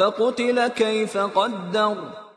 فقتل كيف قدر